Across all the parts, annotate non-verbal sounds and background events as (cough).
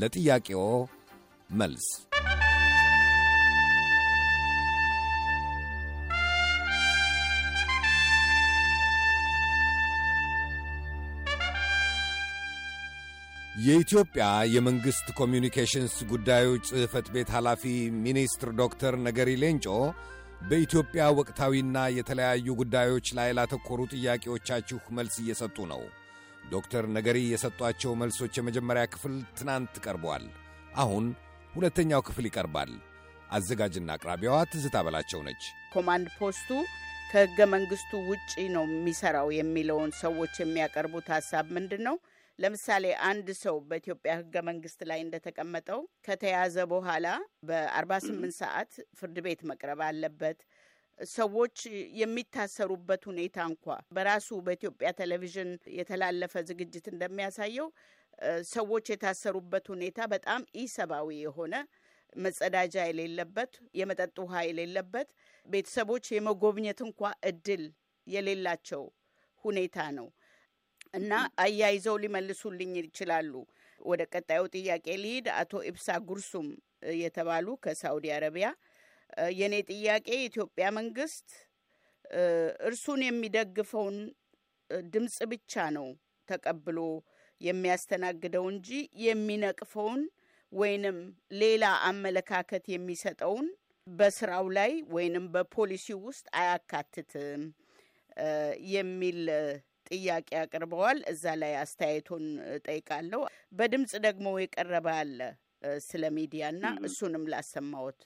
ለጥያቄዎ መልስ የኢትዮጵያ የመንግሥት ኮሚዩኒኬሽንስ ጉዳዮች ጽሕፈት ቤት ኃላፊ ሚኒስትር ዶክተር ነገሪ ሌንጮ በኢትዮጵያ ወቅታዊና የተለያዩ ጉዳዮች ላይ ላተኮሩ ጥያቄዎቻችሁ መልስ እየሰጡ ነው። ዶክተር ነገሪ የሰጧቸው መልሶች የመጀመሪያ ክፍል ትናንት ቀርቧል። አሁን ሁለተኛው ክፍል ይቀርባል። አዘጋጅና አቅራቢዋ ትዝታ በላቸው ነች። ኮማንድ ፖስቱ ከሕገ መንግሥቱ ውጪ ነው የሚሰራው የሚለውን ሰዎች የሚያቀርቡት ሐሳብ ምንድን ነው? ለምሳሌ አንድ ሰው በኢትዮጵያ ህገ መንግስት ላይ እንደተቀመጠው ከተያዘ በኋላ በ48 ሰዓት ፍርድ ቤት መቅረብ አለበት። ሰዎች የሚታሰሩበት ሁኔታ እንኳ በራሱ በኢትዮጵያ ቴሌቪዥን የተላለፈ ዝግጅት እንደሚያሳየው ሰዎች የታሰሩበት ሁኔታ በጣም ኢሰብአዊ የሆነ መጸዳጃ የሌለበት፣ የመጠጥ ውሃ የሌለበት፣ ቤተሰቦች የመጎብኘት እንኳ እድል የሌላቸው ሁኔታ ነው። እና አያይዘው ሊመልሱልኝ ይችላሉ። ወደ ቀጣዩ ጥያቄ ልሂድ። አቶ ኢብሳ ጉርሱም የተባሉ ከሳውዲ አረቢያ የእኔ ጥያቄ የኢትዮጵያ መንግስት እርሱን የሚደግፈውን ድምፅ ብቻ ነው ተቀብሎ የሚያስተናግደው እንጂ የሚነቅፈውን ወይንም ሌላ አመለካከት የሚሰጠውን በስራው ላይ ወይንም በፖሊሲው ውስጥ አያካትትም የሚል ጥያቄ አቅርበዋል። እዛ ላይ አስተያየቱን ጠይቃለሁ። በድምጽ ደግሞ የቀረበ አለ ስለ ሚዲያ እና እሱንም ላሰማዎት።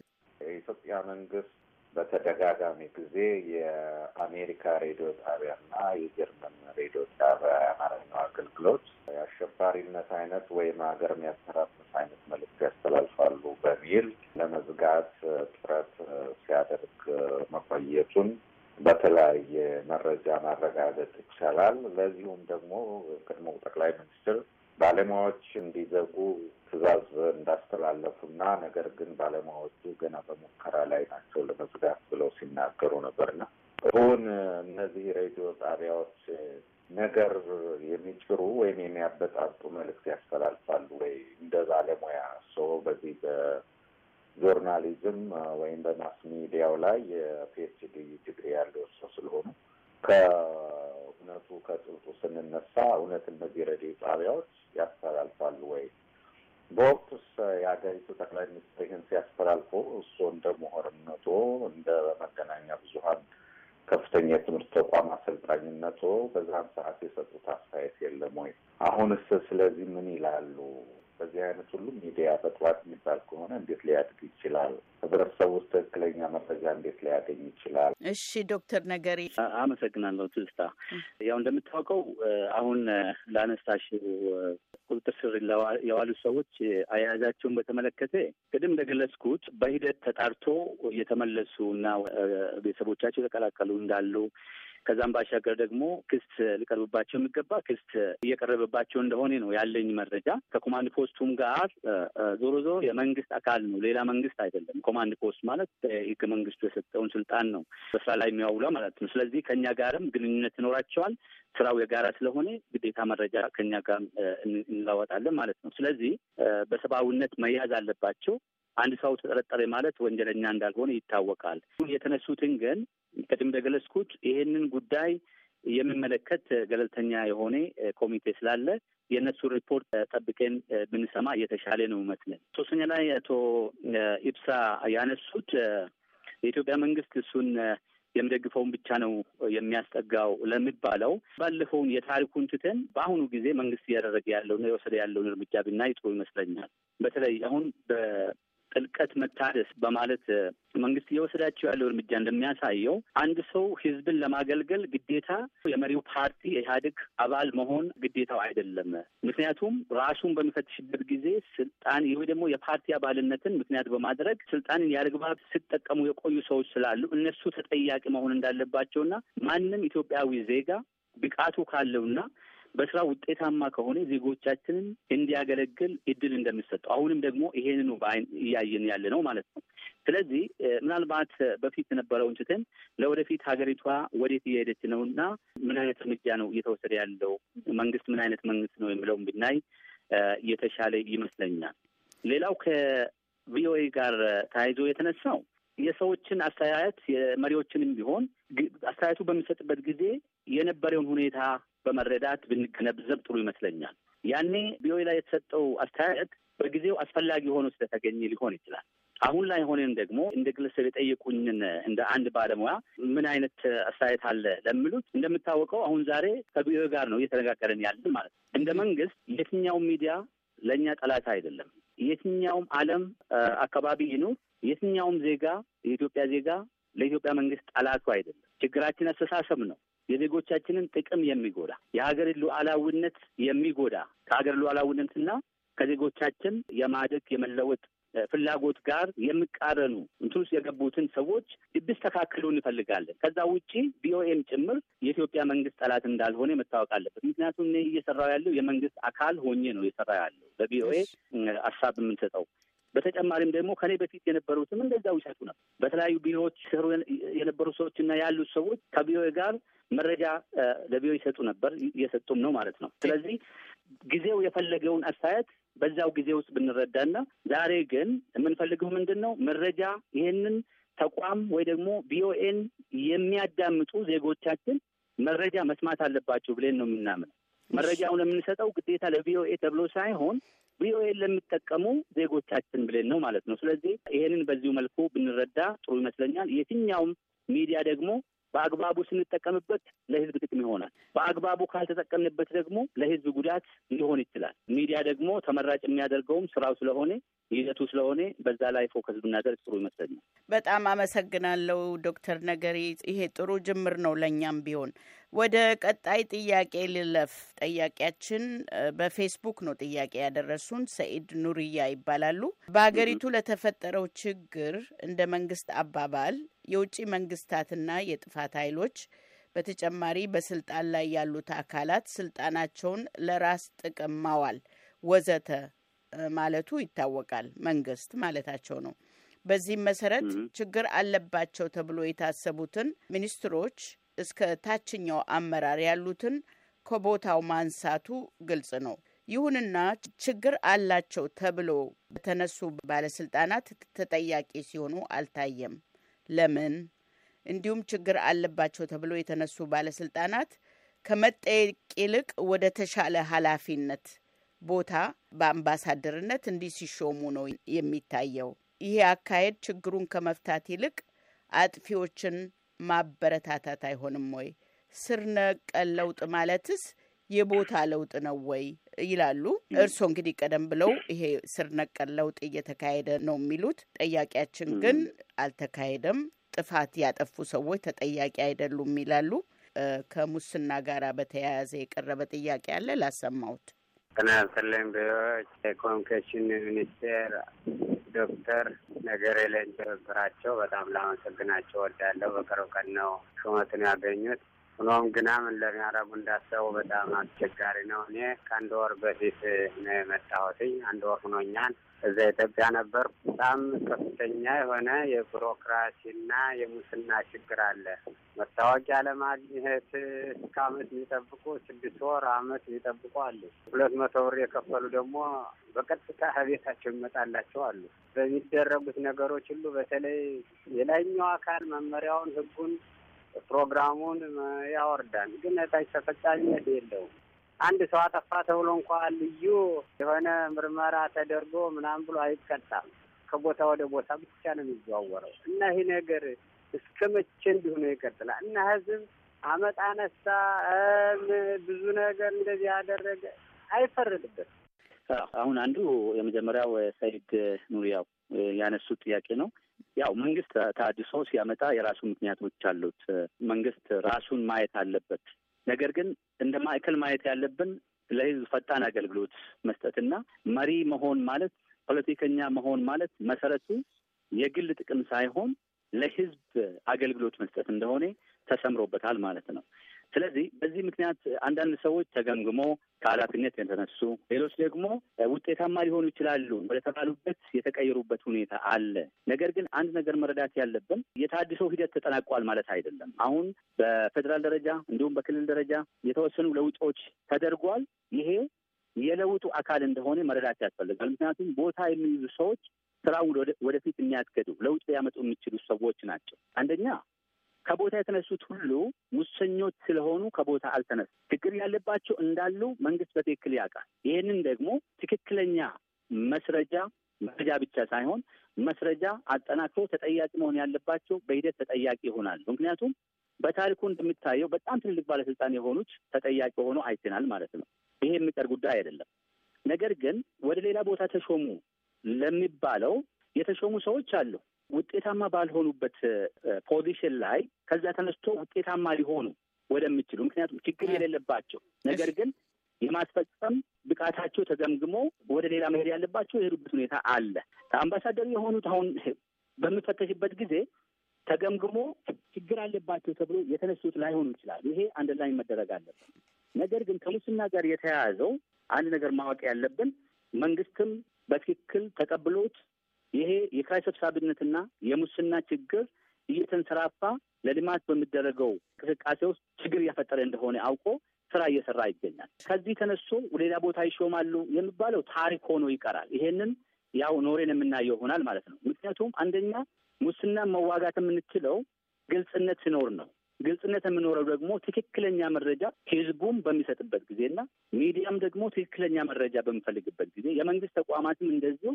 የኢትዮጵያ መንግስት በተደጋጋሚ ጊዜ የአሜሪካ ሬዲዮ ጣቢያና የጀርመን ሬዲዮ ጣቢያ የአማርኛው አገልግሎት የአሸባሪነት አይነት ወይም ሀገር የሚያስተራምስ አይነት መልዕክት ያስተላልፋሉ በሚል ለመዝጋት ጥረት ሲያደርግ መቆየቱን በተለያየ መረጃ ማረጋገጥ ይቻላል። ለዚሁም ደግሞ ቀድሞው ጠቅላይ ሚኒስትር ባለሙያዎች እንዲዘጉ ትዕዛዝ እንዳስተላለፉና ነገር ግን ባለሙያዎቹ ገና በሙከራ ላይ ናቸው ለመዝጋት ብለው ሲናገሩ ነበርና አሁን እነዚህ ሬዲዮ ጣቢያዎች ነገር የሚጭሩ ወይም የሚያበጣጡ መልእክት ያስተላልፋሉ ወይ? እንደ ባለሙያ ሰው በዚህ በ- ጆርናሊዝም ወይም በማስ ሚዲያው ላይ የፒኤችዲ ዲግሪ ያለው ሰው ስለሆኑ ከእውነቱ ከጥልቁ ስንነሳ እውነት እነዚህ ሬዲዮ ጣቢያዎች ያስተላልፋሉ ወይ? በወቅቱስ የሀገሪቱ ጠቅላይ ሚኒስትር ይህን ሲያስተላልፉ እሱ እንደ ምሁርነቶ እንደ መገናኛ ብዙሀን ከፍተኛ የትምህርት ተቋም አሰልጣኝነቶ በዛን ሰዓት የሰጡት አስተያየት የለም ወይ? አሁንስ ስለዚህ ምን ይላሉ? በዚህ አይነት ሁሉም ሚዲያ በጥዋት የሚባል ከሆነ እንዴት ሊያድግ ይችላል? ህብረተሰቡ ውስጥ ትክክለኛ መረጃ እንዴት ሊያገኝ ይችላል? እሺ ዶክተር ነገሪ አመሰግናለሁ። ትዝታ ያው እንደምታውቀው አሁን ለአነስታሽ ቁጥጥር ስር የዋሉት ሰዎች አያያዛቸውን በተመለከተ ቅድም እንደገለጽኩት በሂደት ተጣርቶ የተመለሱ እና ቤተሰቦቻቸው የተቀላቀሉ እንዳሉ ከዛም ባሻገር ደግሞ ክስት ሊቀርብባቸው የሚገባ ክስት እየቀረበባቸው እንደሆነ ነው ያለኝ መረጃ። ከኮማንድ ፖስቱም ጋር ዞሮ ዞሮ የመንግስት አካል ነው፣ ሌላ መንግስት አይደለም። ኮማንድ ፖስት ማለት ህገ መንግስቱ የሰጠውን ስልጣን ነው በስራ ላይ የሚያውለው ማለት ነው። ስለዚህ ከኛ ጋርም ግንኙነት ይኖራቸዋል። ስራው የጋራ ስለሆነ ግዴታ መረጃ ከኛ ጋር እንለወጣለን ማለት ነው። ስለዚህ በሰብአዊነት መያዝ አለባቸው። አንድ ሰው ተጠረጠረ ማለት ወንጀለኛ እንዳልሆነ ይታወቃል። የተነሱትን ግን ቅድም እንደገለጽኩት ይሄንን ጉዳይ የሚመለከት ገለልተኛ የሆነ ኮሚቴ ስላለ የእነሱ ሪፖርት ጠብቀን ብንሰማ እየተሻለ ነው ይመስለን። ሶስተኛ ላይ አቶ ኢብሳ ያነሱት የኢትዮጵያ መንግስት እሱን የሚደግፈውን ብቻ ነው የሚያስጠጋው ለሚባለው ባለፈውን የታሪኩን ትተን በአሁኑ ጊዜ መንግስት እያደረገ ያለውና የወሰደ ያለውን እርምጃ ብናይ ጥሩ ይመስለኛል። በተለይ አሁን ጥልቀት መታደስ በማለት መንግስት እየወሰዳቸው ያለው እርምጃ እንደሚያሳየው አንድ ሰው ህዝብን ለማገልገል ግዴታ የመሪው ፓርቲ የኢህአዴግ አባል መሆን ግዴታው አይደለም። ምክንያቱም ራሱን በሚፈትሽበት ጊዜ ስልጣን ወይ ደግሞ የፓርቲ አባልነትን ምክንያት በማድረግ ስልጣንን ያለግባብ ሲጠቀሙ የቆዩ ሰዎች ስላሉ እነሱ ተጠያቂ መሆን እንዳለባቸውና ማንም ኢትዮጵያዊ ዜጋ ብቃቱ ካለውና በስራ ውጤታማ ከሆነ ዜጎቻችንን እንዲያገለግል እድል እንደሚሰጠው አሁንም ደግሞ ይሄንኑ በአይን እያየን ያለ ነው ማለት ነው። ስለዚህ ምናልባት በፊት የነበረውን ትተን ለወደፊት ሀገሪቷ ወዴት እየሄደች ነው እና ምን አይነት እርምጃ ነው እየተወሰደ ያለው መንግስት ምን አይነት መንግስት ነው የሚለውን ብናይ የተሻለ ይመስለኛል። ሌላው ከቪኦኤ ጋር ተያይዞ የተነሳው የሰዎችን አስተያየት የመሪዎችንም ቢሆን አስተያየቱ በሚሰጥበት ጊዜ የነበረውን ሁኔታ በመረዳት ብንገነዘብ ጥሩ ይመስለኛል። ያኔ ቪኦኤ ላይ የተሰጠው አስተያየት በጊዜው አስፈላጊ ሆኖ ስለተገኘ ሊሆን ይችላል። አሁን ላይ ሆነን ደግሞ እንደ ግለሰብ የጠየቁኝን እንደ አንድ ባለሙያ ምን አይነት አስተያየት አለ ለሚሉት እንደምታወቀው አሁን ዛሬ ከቪኦኤ ጋር ነው እየተነጋገረን ያለን ማለት ነው። እንደ መንግስት የትኛውም ሚዲያ ለእኛ ጠላት አይደለም። የትኛውም ዓለም አካባቢ ይኑር የትኛውም ዜጋ የኢትዮጵያ ዜጋ ለኢትዮጵያ መንግስት ጠላቱ አይደለም። ችግራችን አስተሳሰብ ነው። የዜጎቻችንን ጥቅም የሚጎዳ የሀገር ሉዓላዊነት የሚጎዳ ከሀገር ሉዓላዊነትና ከዜጎቻችን የማደግ የመለወጥ ፍላጎት ጋር የሚቃረኑ እንትን ውስጥ የገቡትን ሰዎች እንዲስተካከሉ እንፈልጋለን። ከዛ ውጪ ቢኦኤም ጭምር የኢትዮጵያ መንግስት ጠላት እንዳልሆነ መታወቅ አለበት። ምክንያቱም እኔ እየሰራው ያለው የመንግስት አካል ሆኜ ነው እየሰራ ያለው በቢኦኤ ሀሳብ የምንሰጠው በተጨማሪም ደግሞ ከኔ በፊት የነበሩትም እንደዛው ይሰጡ ነበር። በተለያዩ ቢሮዎች ሲሰሩ የነበሩ ሰዎችና ያሉት ሰዎች ከቢሮዬ ጋር መረጃ ለቢሮ ይሰጡ ነበር፣ እየሰጡም ነው ማለት ነው። ስለዚህ ጊዜው የፈለገውን አስተያየት በዛው ጊዜ ውስጥ ብንረዳና ዛሬ ግን የምንፈልገው ምንድን ነው? መረጃ ይህንን ተቋም ወይ ደግሞ ቢኦኤን የሚያዳምጡ ዜጎቻችን መረጃ መስማት አለባቸው ብለን ነው የምናምን። መረጃውን የምንሰጠው ግዴታ ለቪኦኤ ተብሎ ሳይሆን ቪኦኤ ለሚጠቀሙ ዜጎቻችን ብለን ነው ማለት ነው። ስለዚህ ይሄንን በዚሁ መልኩ ብንረዳ ጥሩ ይመስለኛል። የትኛውም ሚዲያ ደግሞ በአግባቡ ስንጠቀምበት ለህዝብ ጥቅም ይሆናል። በአግባቡ ካልተጠቀምንበት ደግሞ ለህዝብ ጉዳት ሊሆን ይችላል። ሚዲያ ደግሞ ተመራጭ የሚያደርገውም ስራው ስለሆነ ሂደቱ ስለሆነ በዛ ላይ ፎከስ ብናደርግ ጥሩ ይመስለኛል። በጣም አመሰግናለሁ ዶክተር ነገሪ። ይሄ ጥሩ ጅምር ነው ለእኛም ቢሆን። ወደ ቀጣይ ጥያቄ ልለፍ። ጠያቂያችን በፌስቡክ ነው ጥያቄ ያደረሱን። ሰኢድ ኑርያ ይባላሉ። በሀገሪቱ ለተፈጠረው ችግር እንደ መንግስት አባባል የውጭ መንግስታትና የጥፋት ኃይሎች በተጨማሪ በስልጣን ላይ ያሉት አካላት ስልጣናቸውን ለራስ ጥቅም ማዋል ወዘተ ማለቱ ይታወቃል። መንግስት ማለታቸው ነው። በዚህም መሰረት ችግር አለባቸው ተብሎ የታሰቡትን ሚኒስትሮች እስከ ታችኛው አመራር ያሉትን ከቦታው ማንሳቱ ግልጽ ነው። ይሁንና ችግር አላቸው ተብሎ በተነሱ ባለስልጣናት ተጠያቂ ሲሆኑ አልታየም። ለምን እንዲሁም ችግር አለባቸው ተብሎ የተነሱ ባለስልጣናት ከመጠየቅ ይልቅ ወደ ተሻለ ኃላፊነት ቦታ በአምባሳደርነት እንዲህ ሲሾሙ ነው የሚታየው። ይሄ አካሄድ ችግሩን ከመፍታት ይልቅ አጥፊዎችን ማበረታታት አይሆንም ወይ? ስር ነቀል ለውጥ ማለትስ የቦታ ለውጥ ነው ወይ ይላሉ። እርስዎ እንግዲህ ቀደም ብለው ይሄ ስር ነቀል ለውጥ እየተካሄደ ነው የሚሉት፣ ጠያቂያችን ግን አልተካሄደም፣ ጥፋት ያጠፉ ሰዎች ተጠያቂ አይደሉም ይላሉ። ከሙስና ጋራ በተያያዘ የቀረበ ጥያቄ አለ ላሰማሁት። ጤና ይስጥልኝ ቢሮዎች የኮሚኒኬሽን ሚኒስቴር ዶክተር ነገሪ ሌንጮ ትብብራቸው በጣም ላመሰግናቸው ወዳለሁ። በቅርብ ቀን ነው ሹመትን ያገኙት። ሆኖም ግና ምን ለሚያረጉ እንዳሰቡ በጣም አስቸጋሪ ነው። እኔ ከአንድ ወር በፊት ነው የመጣሁትኝ። አንድ ወር ሆኖኛል። እዛ ኢትዮጵያ ነበር። በጣም ከፍተኛ የሆነ የቢሮክራሲና የሙስና ችግር አለ። መታወቂያ ለማግኘት እስከ አመት የሚጠብቁ ስድስት ወር አመት የሚጠብቁ አሉ። ሁለት መቶ ብር የከፈሉ ደግሞ በቀጥታ ቤታቸው ይመጣላቸው አሉ። በሚደረጉት ነገሮች ሁሉ በተለይ የላይኛው አካል መመሪያውን ህጉን ፕሮግራሙን ያወርዳል። ግን ታች ተፈጻሚነት የለውም። አንድ ሰው አጠፋ ተብሎ እንኳ ልዩ የሆነ ምርመራ ተደርጎ ምናምን ብሎ አይቀጣም። ከቦታ ወደ ቦታ ብቻ ነው የሚዘዋወረው እና ይህ ነገር እስከ መቼ እንዲሁ ነው ይቀጥላል? እና ህዝብ አመጥ አነሳ ብዙ ነገር እንደዚህ ያደረገ አይፈርድበት። አሁን አንዱ የመጀመሪያው ሰይድ ኑሪያው ያነሱት ጥያቄ ነው። ያው መንግስት ታድሶ ሲያመጣ የራሱ ምክንያቶች አሉት። መንግስት ራሱን ማየት አለበት። ነገር ግን እንደ ማዕከል ማየት ያለብን ለህዝብ ፈጣን አገልግሎት መስጠትና መሪ መሆን ማለት ፖለቲከኛ መሆን ማለት መሰረቱ የግል ጥቅም ሳይሆን ለህዝብ አገልግሎት መስጠት እንደሆነ ተሰምሮበታል ማለት ነው። ስለዚህ በዚህ ምክንያት አንዳንድ ሰዎች ተገምግሞ ከኃላፊነት የተነሱ፣ ሌሎች ደግሞ ውጤታማ ሊሆኑ ይችላሉ ወደ ተባሉበት የተቀየሩበት ሁኔታ አለ። ነገር ግን አንድ ነገር መረዳት ያለብን የታድሶ ሂደት ተጠናቋል ማለት አይደለም። አሁን በፌዴራል ደረጃ እንዲሁም በክልል ደረጃ የተወሰኑ ለውጦች ተደርጓል። ይሄ የለውጡ አካል እንደሆነ መረዳት ያስፈልጋል። ምክንያቱም ቦታ የሚይዙ ሰዎች ስራውን ወደፊት የሚያስገዱ ለውጥ ሊያመጡ የሚችሉ ሰዎች ናቸው። አንደኛ ከቦታ የተነሱት ሁሉ ሙሰኞች ስለሆኑ ከቦታ አልተነሱ። ችግር ያለባቸው እንዳሉ መንግስት በትክክል ያውቃል። ይህንን ደግሞ ትክክለኛ መስረጃ መረጃ ብቻ ሳይሆን መስረጃ አጠናክሮ ተጠያቂ መሆን ያለባቸው በሂደት ተጠያቂ ይሆናሉ። ምክንያቱም በታሪኩ እንደሚታየው በጣም ትልልቅ ባለስልጣን የሆኑት ተጠያቂ ሆኖ አይተናል ማለት ነው። ይሄ የሚቀር ጉዳይ አይደለም። ነገር ግን ወደ ሌላ ቦታ ተሾሙ ለሚባለው የተሾሙ ሰዎች አሉ። ውጤታማ ባልሆኑበት ፖዚሽን ላይ ከዛ ተነስቶ ውጤታማ ሊሆኑ ወደሚችሉ ምክንያቱም ችግር የሌለባቸው ነገር ግን የማስፈጸም ብቃታቸው ተገምግሞ ወደ ሌላ መሄድ ያለባቸው የሄዱበት ሁኔታ አለ። አምባሳደሩ የሆኑት አሁን በሚፈተሽበት ጊዜ ተገምግሞ ችግር አለባቸው ተብሎ የተነሱት ላይሆኑ ይችላል። ይሄ አንድ ላይ መደረግ አለበት። ነገር ግን ከሙስና ጋር የተያያዘው አንድ ነገር ማወቅ ያለብን መንግስትም በትክክል ተቀብሎት ይሄ የኪራይ ሰብሳቢነትና የሙስና ችግር እየተንሰራፋ ለልማት በሚደረገው እንቅስቃሴ ውስጥ ችግር እያፈጠረ እንደሆነ አውቆ ስራ እየሰራ ይገኛል። ከዚህ ተነስቶ ሌላ ቦታ ይሾማሉ የሚባለው ታሪክ ሆኖ ይቀራል። ይሄንን ያው ኖሬን የምናየው ይሆናል ማለት ነው። ምክንያቱም አንደኛ ሙስናን መዋጋት የምንችለው ግልጽነት ሲኖር ነው። ግልጽነት የምኖረው ደግሞ ትክክለኛ መረጃ ህዝቡም በሚሰጥበት ጊዜና ሚዲያም ደግሞ ትክክለኛ መረጃ በሚፈልግበት ጊዜ የመንግስት ተቋማትም እንደዚሁ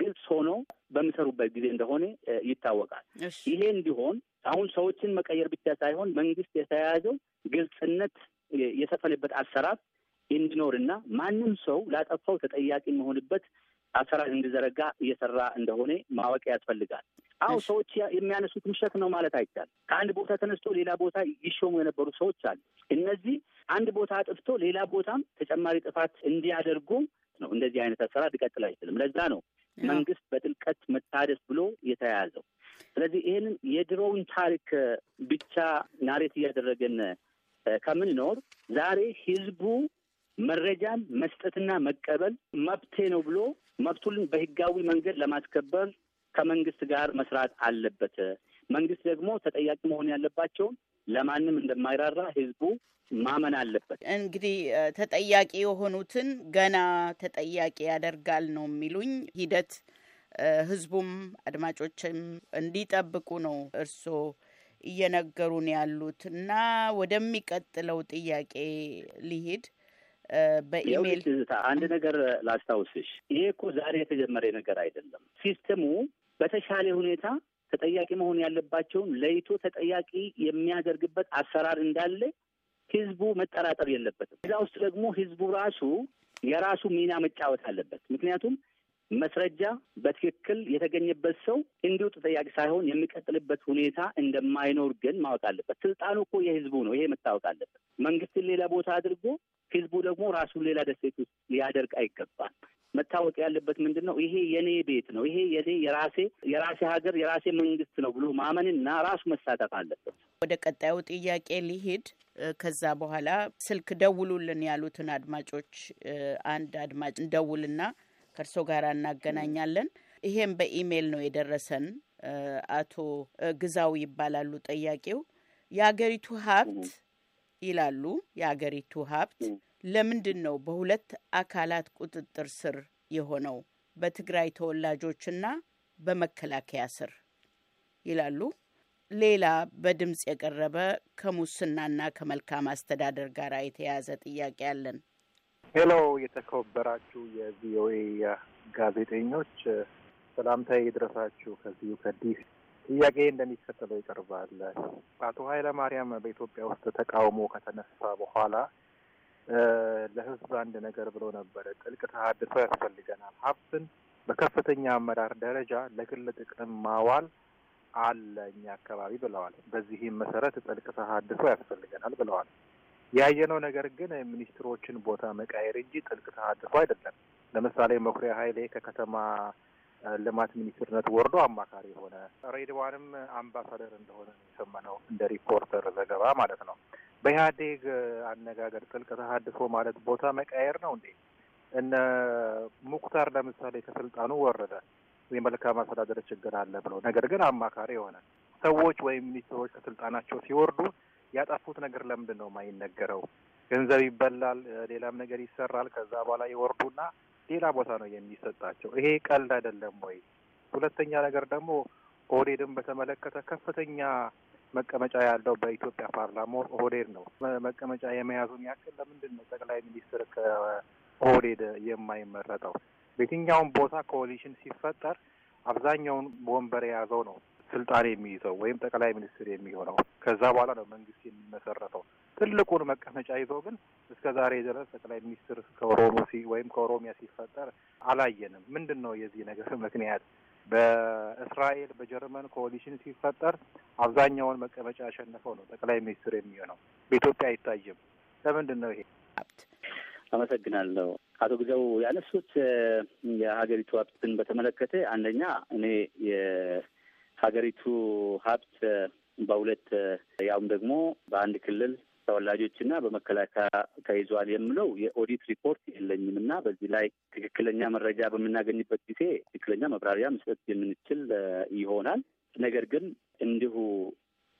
ግልጽ ሆኖ በሚሰሩበት ጊዜ እንደሆነ ይታወቃል። ይሄ እንዲሆን አሁን ሰዎችን መቀየር ብቻ ሳይሆን መንግስት የተያያዘው ግልጽነት የሰፈነበት አሰራር እንዲኖርና ማንም ሰው ላጠፋው ተጠያቂ የሚሆንበት አሰራር እንዲዘረጋ እየሰራ እንደሆነ ማወቅ ያስፈልጋል። አዎ ሰዎች የሚያነሱት ምሸት ነው ማለት አይቻልም። ከአንድ ቦታ ተነስቶ ሌላ ቦታ ይሾሙ የነበሩ ሰዎች አሉ። እነዚህ አንድ ቦታ አጥፍቶ ሌላ ቦታም ተጨማሪ ጥፋት እንዲያደርጉ ነው። እንደዚህ አይነት አሰራር ሊቀጥል አይችልም። ለዛ ነው መንግስት በጥልቀት መታደስ ብሎ የተያያዘው። ስለዚህ ይህንን የድሮውን ታሪክ ብቻ ናሬት እያደረገን ከምንኖር ዛሬ ህዝቡ መረጃን መስጠትና መቀበል መብቴ ነው ብሎ መብቱን በህጋዊ መንገድ ለማስከበር ከመንግስት ጋር መስራት አለበት። መንግስት ደግሞ ተጠያቂ መሆን ያለባቸውን ለማንም እንደማይራራ ህዝቡ ማመን አለበት። እንግዲህ ተጠያቂ የሆኑትን ገና ተጠያቂ ያደርጋል ነው የሚሉኝ ሂደት ህዝቡም አድማጮችም እንዲጠብቁ ነው እርስዎ እየነገሩን ያሉት እና ወደሚቀጥለው ጥያቄ ሊሄድ በኢሜል ትዝታ አንድ ነገር ላስታውስሽ። ይሄ እኮ ዛሬ የተጀመረ ነገር አይደለም። ሲስተሙ በተሻለ ሁኔታ ተጠያቂ መሆን ያለባቸውን ለይቶ ተጠያቂ የሚያደርግበት አሰራር እንዳለ ህዝቡ መጠራጠር የለበትም። እዛ ውስጥ ደግሞ ህዝቡ ራሱ የራሱ ሚና መጫወት አለበት። ምክንያቱም መስረጃ በትክክል የተገኘበት ሰው እንዲሁ ተጠያቂ ሳይሆን የሚቀጥልበት ሁኔታ እንደማይኖር ግን ማወቅ አለበት። ስልጣኑ እኮ የህዝቡ ነው። ይሄ መታወቅ አለበት። መንግስትን ሌላ ቦታ አድርጎ ህዝቡ ደግሞ ራሱን ሌላ ደሴት ውስጥ ሊያደርግ አይገባም። መታወቅ ያለበት ምንድን ነው? ይሄ የኔ ቤት ነው፣ ይሄ የኔ የራሴ የራሴ ሀገር የራሴ መንግስት ነው ብሎ ማመንና ራሱ መሳተፍ አለበት። ወደ ቀጣዩ ጥያቄ ሊሄድ ከዛ በኋላ ስልክ ደውሉልን ያሉትን አድማጮች አንድ አድማጭ እንደውልና ከእርሶ ጋር እናገናኛለን። ይሄም በኢሜይል ነው የደረሰን። አቶ ግዛው ይባላሉ ጠያቂው። የአገሪቱ ሀብት ይላሉ። የአገሪቱ ሀብት ለምንድን ነው በሁለት አካላት ቁጥጥር ስር የሆነው በትግራይ ተወላጆችና በመከላከያ ስር ይላሉ። ሌላ በድምፅ የቀረበ ከሙስናና ከመልካም አስተዳደር ጋር የተያያዘ ጥያቄ አለን። ሄሎ የተከበራችሁ የቪኦኤ ጋዜጠኞች ሰላምታዬ ይድረሳችሁ። ከዚሁ ከዲስ ጥያቄ እንደሚከተለው ይቀርባል። አቶ ኃይለ ማርያም በኢትዮጵያ ውስጥ ተቃውሞ ከተነሳ በኋላ ለህዝብ አንድ ነገር ብሎ ነበረ። ጥልቅ ተሀድሶ ያስፈልገናል፣ ሀብትን በከፍተኛ አመራር ደረጃ ለግል ጥቅም ማዋል አለ እኛ አካባቢ ብለዋል። በዚህም መሰረት ጥልቅ ተሀድሶ ያስፈልገናል ብለዋል። ያየነው ነገር ግን ሚኒስትሮችን ቦታ መቃየር እንጂ ጥልቅ ተሳትፎ አይደለም። ለምሳሌ መኩሪያ ኃይሌ ከከተማ ልማት ሚኒስትርነት ወርዶ አማካሪ የሆነ ሬድዋንም አምባሳደር እንደሆነ የሰማነው እንደ ሪፖርተር ዘገባ ማለት ነው። በኢህአዴግ አነጋገር ጥልቅ ተሃድሶ ማለት ቦታ መቃየር ነው እንዴ? እነ ሙክታር ለምሳሌ ከስልጣኑ ወረደ የመልካም አስተዳደር ችግር አለ ብሎ ነገር ግን አማካሪ የሆነ ሰዎች ወይም ሚኒስትሮች ከስልጣናቸው ሲወርዱ ያጠፉት ነገር ለምንድን ነው የማይነገረው? ገንዘብ ይበላል፣ ሌላም ነገር ይሰራል። ከዛ በኋላ ይወርዱና ሌላ ቦታ ነው የሚሰጣቸው። ይሄ ቀልድ አይደለም ወይ? ሁለተኛ ነገር ደግሞ ኦህዴድን በተመለከተ ከፍተኛ መቀመጫ ያለው በኢትዮጵያ ፓርላማ ኦህዴድ ነው። መቀመጫ የመያዙን ያክል ለምንድን ነው ጠቅላይ ሚኒስትር ከኦህዴድ የማይመረጠው? በየትኛውም ቦታ ኮሊሽን ሲፈጠር አብዛኛውን ወንበር የያዘው ነው ስልጣን የሚይዘው ወይም ጠቅላይ ሚኒስትር የሚሆነው ከዛ በኋላ ነው መንግስት የሚመሰረተው። ትልቁን መቀመጫ ይዞ ግን እስከ ዛሬ ድረስ ጠቅላይ ሚኒስትር ከኦሮሞ ወይም ከኦሮሚያ ሲፈጠር አላየንም። ምንድን ነው የዚህ ነገር (laughs) ምክንያት? በእስራኤል በጀርመን ኮሊሽን ሲፈጠር አብዛኛውን መቀመጫ ያሸነፈው ነው ጠቅላይ ሚኒስትር የሚሆነው። በኢትዮጵያ አይታይም። ለምንድን ነው ይሄ? አመሰግናለሁ። አቶ ግዛው ያነሱት የሀገሪቱ ሀብትን በተመለከተ አንደኛ እኔ ሀገሪቱ ሀብት በሁለት ያውም ደግሞ በአንድ ክልል ተወላጆች በመከላከያ ተይዟል የምለው የኦዲት ሪፖርት የለኝም እና በዚህ ላይ ትክክለኛ መረጃ በምናገኝበት ጊዜ ትክክለኛ መብራሪያ መስጠት የምንችል ይሆናል። ነገር ግን እንዲሁ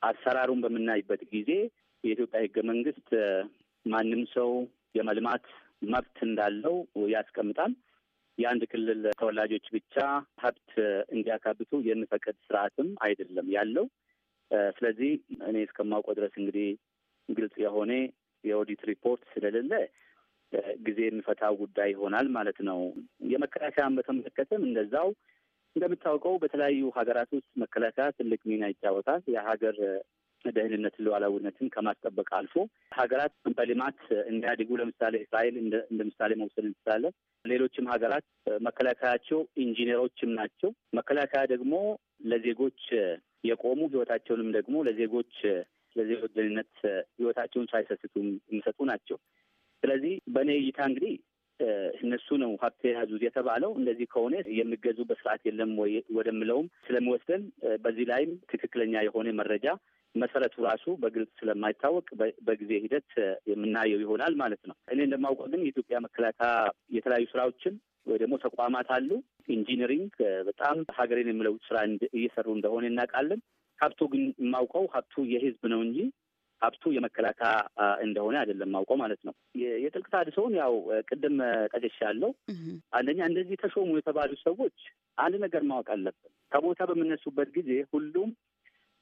አሰራሩን በምናይበት ጊዜ የኢትዮጵያ ሕገ መንግስት ማንም ሰው የመልማት መብት እንዳለው ያስቀምጣል። የአንድ ክልል ተወላጆች ብቻ ሀብት እንዲያካብቱ የሚፈቅድ ስርዓትም አይደለም ያለው። ስለዚህ እኔ እስከማውቀው ድረስ እንግዲህ ግልጽ የሆነ የኦዲት ሪፖርት ስለሌለ ጊዜ የሚፈታው ጉዳይ ይሆናል ማለት ነው። የመከላከያን በተመለከተም እንደዛው እንደምታውቀው በተለያዩ ሀገራት ውስጥ መከላከያ ትልቅ ሚና ይጫወታል። የሀገር ደህንነት ሉዓላዊነትን ከማስጠበቅ አልፎ ሀገራት በልማት እንዲያድጉ ለምሳሌ እስራኤል እንደ ምሳሌ መውሰድ እንችላለን። ሌሎችም ሀገራት መከላከያቸው ኢንጂነሮችም ናቸው። መከላከያ ደግሞ ለዜጎች የቆሙ ህይወታቸውንም ደግሞ ለዜጎች ለዜጎች ደህንነት ህይወታቸውን ሳይሰስቱ የሚሰጡ ናቸው። ስለዚህ በእኔ እይታ እንግዲህ እነሱ ነው ሀብት የያዙት የተባለው እንደዚህ ከሆነ የሚገዙበት ስርዓት የለም ወይ ወደምለውም ስለሚወስደን በዚህ ላይም ትክክለኛ የሆነ መረጃ መሰረቱ ራሱ በግልጽ ስለማይታወቅ በጊዜ ሂደት የምናየው ይሆናል ማለት ነው። እኔ እንደማውቀው ግን የኢትዮጵያ መከላከያ የተለያዩ ስራዎችን ወይ ደግሞ ተቋማት አሉ። ኢንጂነሪንግ በጣም ሀገሬን የምለው ስራ እየሰሩ እንደሆነ እናውቃለን። ሀብቱ ግን የማውቀው ሀብቱ የህዝብ ነው እንጂ ሀብቱ የመከላከያ እንደሆነ አይደለም ማውቀው ማለት ነው። የጥልቅ ተሃድሶውን ያው ቅድም አለው። አንደኛ እንደዚህ ተሾሙ የተባሉ ሰዎች አንድ ነገር ማወቅ አለብን። ከቦታ በምነሱበት ጊዜ ሁሉም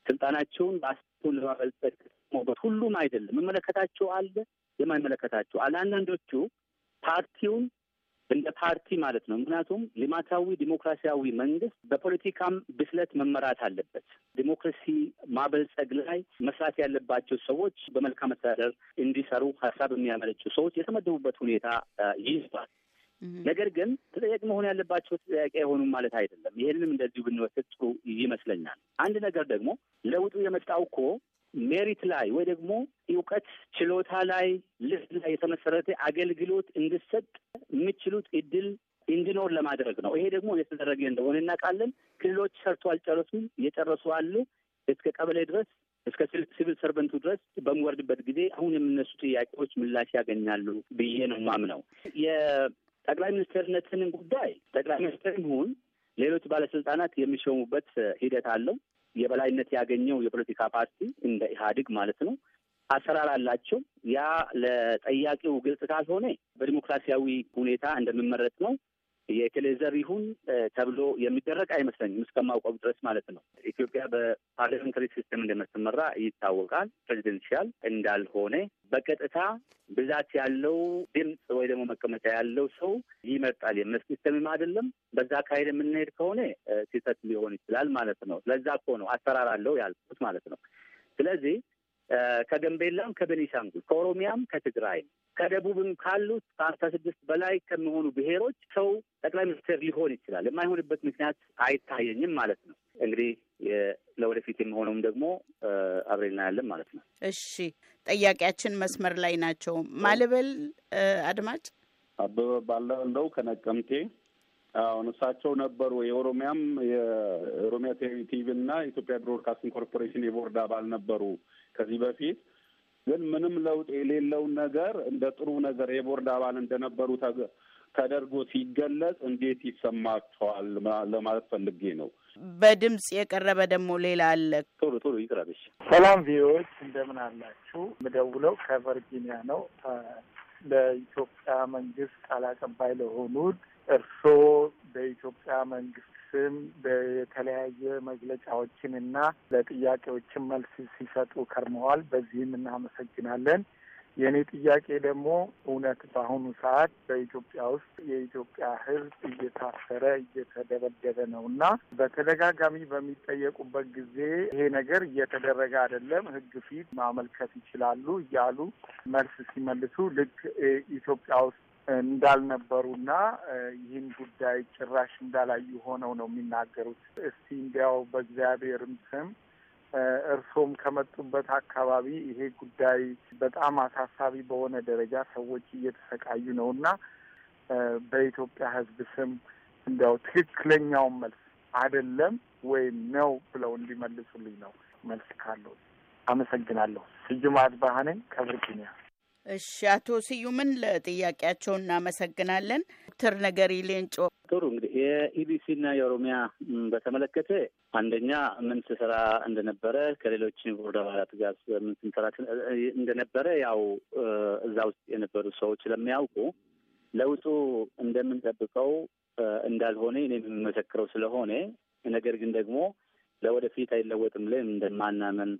ስልጣናቸውን በአስቶን ለማበልጸግ ሞበት ሁሉም አይደለም። መመለከታቸው አለ፣ የማይመለከታቸው አለ። አንዳንዶቹ ፓርቲውን እንደ ፓርቲ ማለት ነው። ምክንያቱም ልማታዊ ዲሞክራሲያዊ መንግስት በፖለቲካም ብስለት መመራት አለበት። ዲሞክራሲ ማበልጸግ ላይ መስራት ያለባቸው ሰዎች በመልካም መስተዳደር እንዲሰሩ ሀሳብ የሚያመለጩ ሰዎች የተመደቡበት ሁኔታ ይዟል። ነገር ግን ተጠያቂ መሆን ያለባቸው ተጠያቂ አይሆኑም ማለት አይደለም። ይህንንም እንደዚሁ ብንወስድ ጥሩ ይመስለኛል። አንድ ነገር ደግሞ ለውጡ የመጣው እኮ ሜሪት ላይ ወይ ደግሞ እውቀት፣ ችሎታ ላይ ልስ ላይ የተመሰረተ አገልግሎት እንድሰጥ የምችሉት እድል እንዲኖር ለማድረግ ነው። ይሄ ደግሞ የተደረገ እንደሆነ እናውቃለን። ክልሎች ሰርቶ አልጨረሱም፣ እየጨረሱ አሉ። እስከ ቀበሌ ድረስ እስከ ሲቪል ሰርቨንቱ ድረስ በሚወርድበት ጊዜ አሁን የምነሱ ጥያቄዎች ምላሽ ያገኛሉ ብዬ ነው ማምነው። ጠቅላይ ሚኒስትርነትን ጉዳይ ጠቅላይ ሚኒስትር ይሁን ሌሎች ባለስልጣናት የሚሾሙበት ሂደት አለው። የበላይነት ያገኘው የፖለቲካ ፓርቲ እንደ ኢህአዴግ ማለት ነው አሰራር አላቸው። ያ ለጠያቂው ግልጽ ካልሆነ በዲሞክራሲያዊ ሁኔታ እንደሚመረጥ ነው የቴሌዘር ይሁን ተብሎ የሚደረግ አይመስለኝም እስከማውቀው ድረስ ማለት ነው። ኢትዮጵያ በፓርላሜንታሪ ሲስተም እንደምትመራ ይታወቃል። ፕሬዚደንሽያል እንዳልሆነ በቀጥታ ብዛት ያለው ድምፅ ወይ ደግሞ መቀመጫ ያለው ሰው ይመርጣል የሚል ሲስተምም አይደለም። በዛ አካሄድ የምንሄድ ከሆነ ስህተት ሊሆን ይችላል ማለት ነው። ለዛ እኮ ነው አሰራር አለው ያልኩት ማለት ነው። ስለዚህ ከገንቤላም ከቤኒሻንጉል ከኦሮሚያም ከትግራይም ከደቡብም ካሉት ከአስራ ስድስት በላይ ከሚሆኑ ብሔሮች ሰው ጠቅላይ ሚኒስትር ሊሆን ይችላል። የማይሆንበት ምክንያት አይታየኝም ማለት ነው። እንግዲህ ለወደፊት የሚሆነውም ደግሞ አብሬን እናያለን ማለት ነው። እሺ፣ ጠያቂያችን መስመር ላይ ናቸው። ማልበል አድማጭ አበበ እንደው ከነቀምቴ አሁን እሳቸው ነበሩ የኦሮሚያም የኦሮሚያ ቴሌቪዥን እና ኢትዮጵያ ብሮድካስቲንግ ኮርፖሬሽን የቦርድ አባል ነበሩ። ከዚህ በፊት ግን ምንም ለውጥ የሌለውን ነገር እንደ ጥሩ ነገር የቦርድ አባል እንደነበሩ ተደርጎ ሲገለጽ እንዴት ይሰማቸዋል ለማለት ፈልጌ ነው። በድምፅ የቀረበ ደግሞ ሌላ አለ። ቶሎ ቶሎ ይቅረብሽ። ሰላም ቪዎች እንደምን አላችሁ? ምደውለው ከቨርጂኒያ ነው። ለኢትዮጵያ መንግስት ቃል አቀባይ ለሆኑት እርስዎ በኢትዮጵያ መንግስት ስም የተለያየ መግለጫዎችን እና ለጥያቄዎችን መልስ ሲሰጡ ከርመዋል። በዚህም እናመሰግናለን። የእኔ ጥያቄ ደግሞ እውነት በአሁኑ ሰዓት በኢትዮጵያ ውስጥ የኢትዮጵያ ሕዝብ እየታሰረ እየተደበደበ ነው እና በተደጋጋሚ በሚጠየቁበት ጊዜ ይሄ ነገር እየተደረገ አይደለም፣ ሕግ ፊት ማመልከት ይችላሉ እያሉ መልስ ሲመልሱ ልክ ኢትዮጵያ ውስጥ እንዳልነበሩና ይህን ጉዳይ ጭራሽ እንዳላዩ ሆነው ነው የሚናገሩት። እስቲ እንዲያው በእግዚአብሔርም ስም እርሶም ከመጡበት አካባቢ ይሄ ጉዳይ በጣም አሳሳቢ በሆነ ደረጃ ሰዎች እየተሰቃዩ ነው እና በኢትዮጵያ ሕዝብ ስም እንዲያው ትክክለኛውን መልስ አይደለም ወይም ነው ብለው እንዲመልሱልኝ ነው መልስ ካለው። አመሰግናለሁ። ስጅማት ባህነኝ ከቨርጂኒያ እሺ አቶ ስዩምን ለጥያቄያቸው እናመሰግናለን። ዶክተር ነገሪ ሌንጮ ጥሩ እንግዲህ የኢቢሲና የኦሮሚያ በተመለከተ አንደኛ ምን ስሰራ እንደነበረ ከሌሎች ቦርድ አባላት ጋር ምን ስንሰራ እንደነበረ ያው እዛ ውስጥ የነበሩ ሰዎች ስለሚያውቁ ለውጡ እንደምንጠብቀው እንዳልሆነ እኔ የምመሰክረው ስለሆነ ነገር ግን ደግሞ ለወደፊት አይለወጥም ላይ እንደማናመን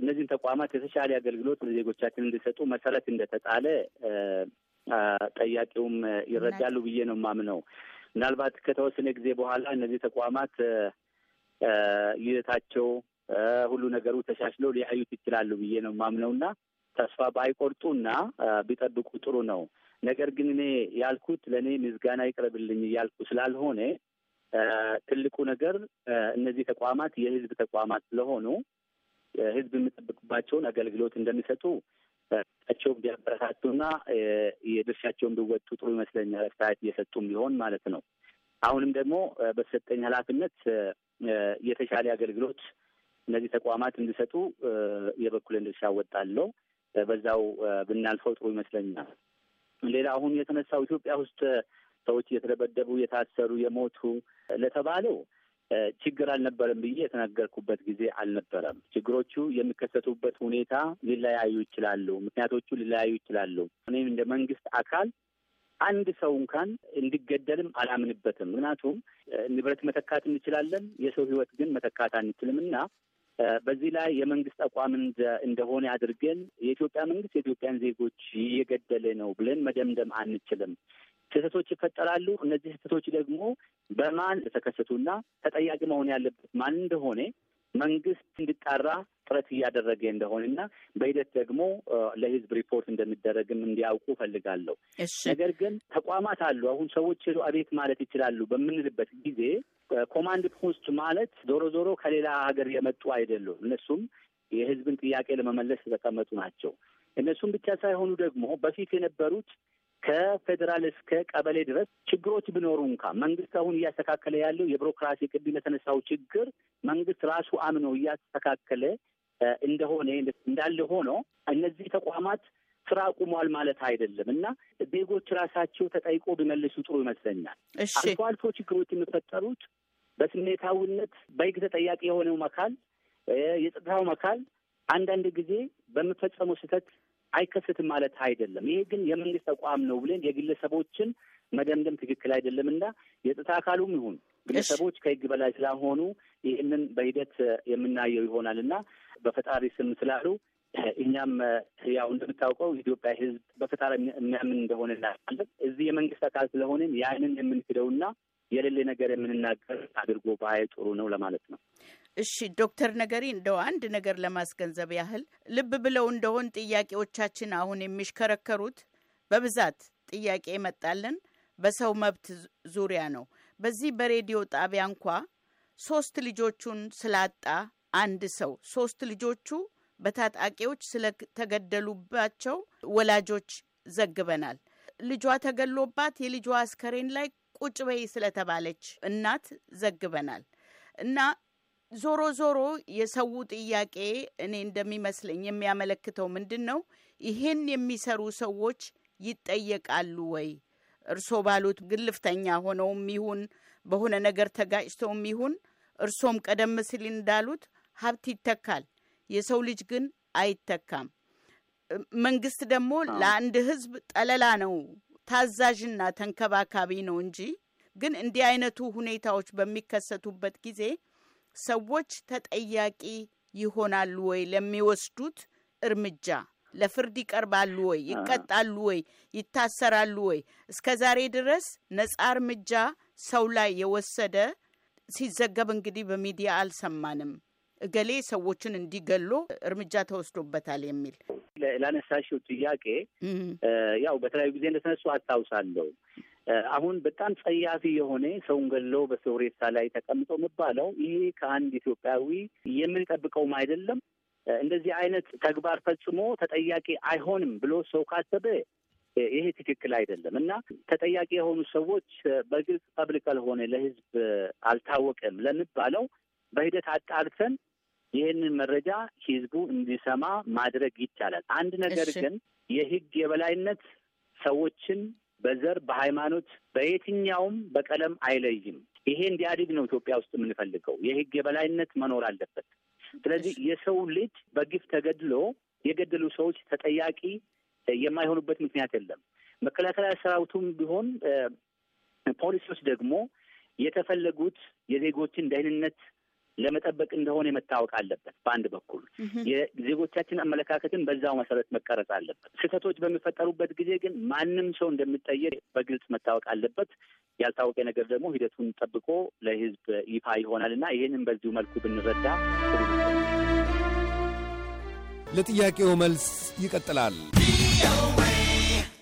እነዚህን ተቋማት የተሻለ አገልግሎት ለዜጎቻችን እንዲሰጡ መሰረት እንደተጣለ ጠያቂውም ይረዳሉ ብዬ ነው የማምነው። ምናልባት ከተወሰነ ጊዜ በኋላ እነዚህ ተቋማት ይዘታቸው ሁሉ ነገሩ ተሻሽለው ሊያዩት ይችላሉ ብዬ ነው የማምነውና ተስፋ ባይቆርጡና ቢጠብቁ ጥሩ ነው። ነገር ግን እኔ ያልኩት ለእኔ ምዝጋና ይቅረብልኝ እያልኩ ስላልሆነ ትልቁ ነገር እነዚህ ተቋማት የህዝብ ተቋማት ስለሆኑ ህዝብ የምጠብቅባቸውን አገልግሎት እንደሚሰጡ ቸው ቢያበረታቱና የድርሻቸውን ቢወጡ ጥሩ ይመስለኛል። አስተያየት እየሰጡም ቢሆን ማለት ነው። አሁንም ደግሞ በተሰጠኝ ኃላፊነት የተሻለ አገልግሎት እነዚህ ተቋማት እንዲሰጡ የበኩልን ድርሻ እወጣለሁ። በዛው ብናልፈው ጥሩ ይመስለኛል። ሌላ አሁን የተነሳው ኢትዮጵያ ውስጥ ሰዎች እየተደበደቡ የታሰሩ የሞቱ ለተባለው ችግር አልነበረም ብዬ የተናገርኩበት ጊዜ አልነበረም። ችግሮቹ የሚከሰቱበት ሁኔታ ሊለያዩ ይችላሉ፣ ምክንያቶቹ ሊለያዩ ይችላሉ። እኔም እንደ መንግስት አካል አንድ ሰው እንኳን እንዲገደልም አላምንበትም። ምክንያቱም ንብረት መተካት እንችላለን፣ የሰው ህይወት ግን መተካት አንችልም እና በዚህ ላይ የመንግስት አቋም እንደሆነ አድርገን የኢትዮጵያ መንግስት የኢትዮጵያን ዜጎች እየገደለ ነው ብለን መደምደም አንችልም። ስህተቶች ይፈጠራሉ። እነዚህ ስህተቶች ደግሞ በማን ተከሰቱና ተጠያቂ መሆን ያለበት ማን እንደሆነ መንግስት እንዲጣራ ጥረት እያደረገ እንደሆነና በሂደት ደግሞ ለህዝብ ሪፖርት እንደሚደረግም እንዲያውቁ ፈልጋለሁ። ነገር ግን ተቋማት አሉ። አሁን ሰዎች አቤት ማለት ይችላሉ በምንልበት ጊዜ ኮማንድ ፖስት ማለት ዞሮ ዞሮ ከሌላ ሀገር የመጡ አይደሉም። እነሱም የህዝብን ጥያቄ ለመመለስ የተቀመጡ ናቸው። እነሱም ብቻ ሳይሆኑ ደግሞ በፊት የነበሩት ከፌዴራል እስከ ቀበሌ ድረስ ችግሮች ቢኖሩ እንኳ መንግስት አሁን እያስተካከለ ያለው የቢሮክራሲ ቅድም የተነሳው ችግር መንግስት ራሱ አምኖ እያስተካከለ እንደሆነ እንዳለ ሆኖ እነዚህ ተቋማት ስራ አቁሟል ማለት አይደለም እና ዜጎች ራሳቸው ተጠይቆ ቢመልሱ ጥሩ ይመስለኛል። አልፎ አልፎ ችግሮች የሚፈጠሩት በስሜታዊነት በህግ ተጠያቂ የሆነው መካል የጸጥታው መካል አንዳንድ ጊዜ በምፈጸመው ስህተት አይከስትም ማለት አይደለም። ይሄ ግን የመንግስት ተቋም ነው ብለን የግለሰቦችን መደምደም ትክክል አይደለም እና የጸጥታ አካሉም ይሁን ግለሰቦች ከህግ በላይ ስላልሆኑ ይህንን በሂደት የምናየው ይሆናል እና በፈጣሪ ስም ስላሉ እኛም ያው እንደምታውቀው ኢትዮጵያ ህዝብ በፈጣሪ የሚያምን እንደሆነ እናውቃለን። እዚህ የመንግስት አካል ስለሆንን ያንን የምንክደውና የሌለ ነገር የምንናገር አድርጎ በሀይ ጥሩ ነው ለማለት ነው። እሺ ዶክተር ነገሪ እንደው አንድ ነገር ለማስገንዘብ ያህል ልብ ብለው እንደሆን ጥያቄዎቻችን አሁን የሚሽከረከሩት በብዛት ጥያቄ የመጣልን በሰው መብት ዙሪያ ነው። በዚህ በሬዲዮ ጣቢያ እንኳ ሶስት ልጆቹን ስላጣ አንድ ሰው ሶስት ልጆቹ በታጣቂዎች ስለተገደሉባቸው ወላጆች ዘግበናል። ልጇ ተገሎባት የልጇ አስከሬን ላይ ቁጭ በይ ስለተባለች እናት ዘግበናል እና ዞሮ ዞሮ የሰው ጥያቄ እኔ እንደሚመስለኝ የሚያመለክተው ምንድን ነው? ይህን የሚሰሩ ሰዎች ይጠየቃሉ ወይ? እርሶ ባሉት ግልፍተኛ ሆነውም ይሁን በሆነ ነገር ተጋጭተውም ይሁን እርሶም ቀደም ሲል እንዳሉት ሀብት ይተካል፣ የሰው ልጅ ግን አይተካም። መንግስት ደግሞ ለአንድ ህዝብ ጠለላ ነው፣ ታዛዥና ተንከባካቢ ነው እንጂ ግን እንዲህ አይነቱ ሁኔታዎች በሚከሰቱበት ጊዜ ሰዎች ተጠያቂ ይሆናሉ ወይ? ለሚወስዱት እርምጃ ለፍርድ ይቀርባሉ ወይ? ይቀጣሉ ወይ? ይታሰራሉ ወይ? እስከ ዛሬ ድረስ ነጻ እርምጃ ሰው ላይ የወሰደ ሲዘገብ እንግዲህ በሚዲያ አልሰማንም። እገሌ ሰዎችን እንዲገሎ እርምጃ ተወስዶበታል የሚል ላነሳሽው ጥያቄ ያው በተለያዩ ጊዜ እንደተነሱ አስታውሳለሁ። አሁን በጣም ጸያፊ የሆነ ሰውን ገሎ በሰውሬሳ ላይ ተቀምጦ የሚባለው ይሄ ከአንድ ኢትዮጵያዊ የምንጠብቀውም አይደለም። እንደዚህ አይነት ተግባር ፈጽሞ ተጠያቂ አይሆንም ብሎ ሰው ካሰበ ይሄ ትክክል አይደለም እና ተጠያቂ የሆኑ ሰዎች በግልጽ ፐብሊክ ሆነ ለህዝብ አልታወቀም ለሚባለው በሂደት አጣርተን ይህንን መረጃ ህዝቡ እንዲሰማ ማድረግ ይቻላል። አንድ ነገር ግን የህግ የበላይነት ሰዎችን በዘር በሃይማኖት በየትኛውም በቀለም አይለይም። ይሄ እንዲያድግ ነው ኢትዮጵያ ውስጥ የምንፈልገው። የህግ የበላይነት መኖር አለበት። ስለዚህ የሰው ልጅ በግፍ ተገድሎ የገደሉ ሰዎች ተጠያቂ የማይሆኑበት ምክንያት የለም። መከላከያ ሰራዊቱም ቢሆን ፖሊሶች ደግሞ የተፈለጉት የዜጎችን ደህንነት ለመጠበቅ እንደሆነ መታወቅ አለበት። በአንድ በኩል የዜጎቻችን አመለካከትን በዛው መሰረት መቀረጽ አለበት። ስህተቶች በሚፈጠሩበት ጊዜ ግን ማንም ሰው እንደሚጠየቅ በግልጽ መታወቅ አለበት። ያልታወቀ ነገር ደግሞ ሂደቱን ጠብቆ ለሕዝብ ይፋ ይሆናል እና ይህንን በዚሁ መልኩ ብንረዳ ለጥያቄው መልስ ይቀጥላል።